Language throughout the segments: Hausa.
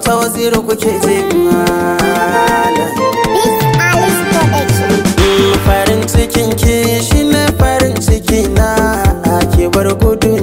auta waziri kuke je farin cikin ki shine farin ciki na ke bar gudu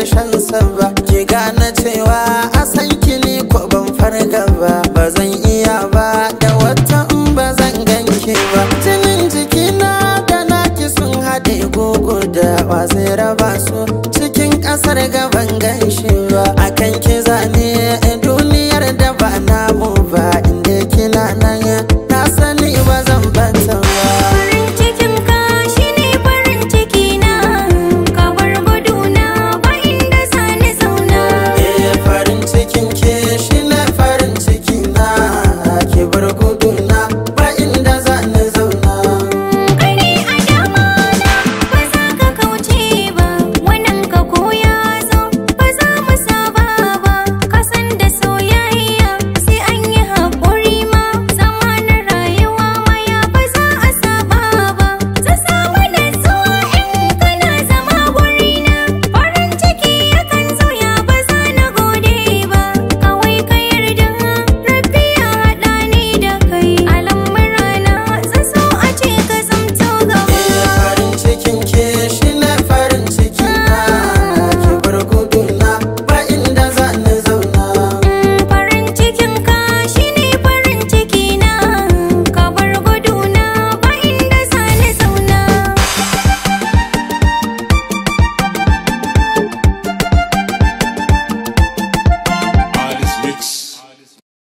karshen sa ba ki gane cewa a san kini ko ban farga ba ba zan iya ba da wata in ba zan ganki ba jinin jikina da naki sun haɗe gogo da wasai raba su cikin ƙasar gaban ganshi ba akan ki zane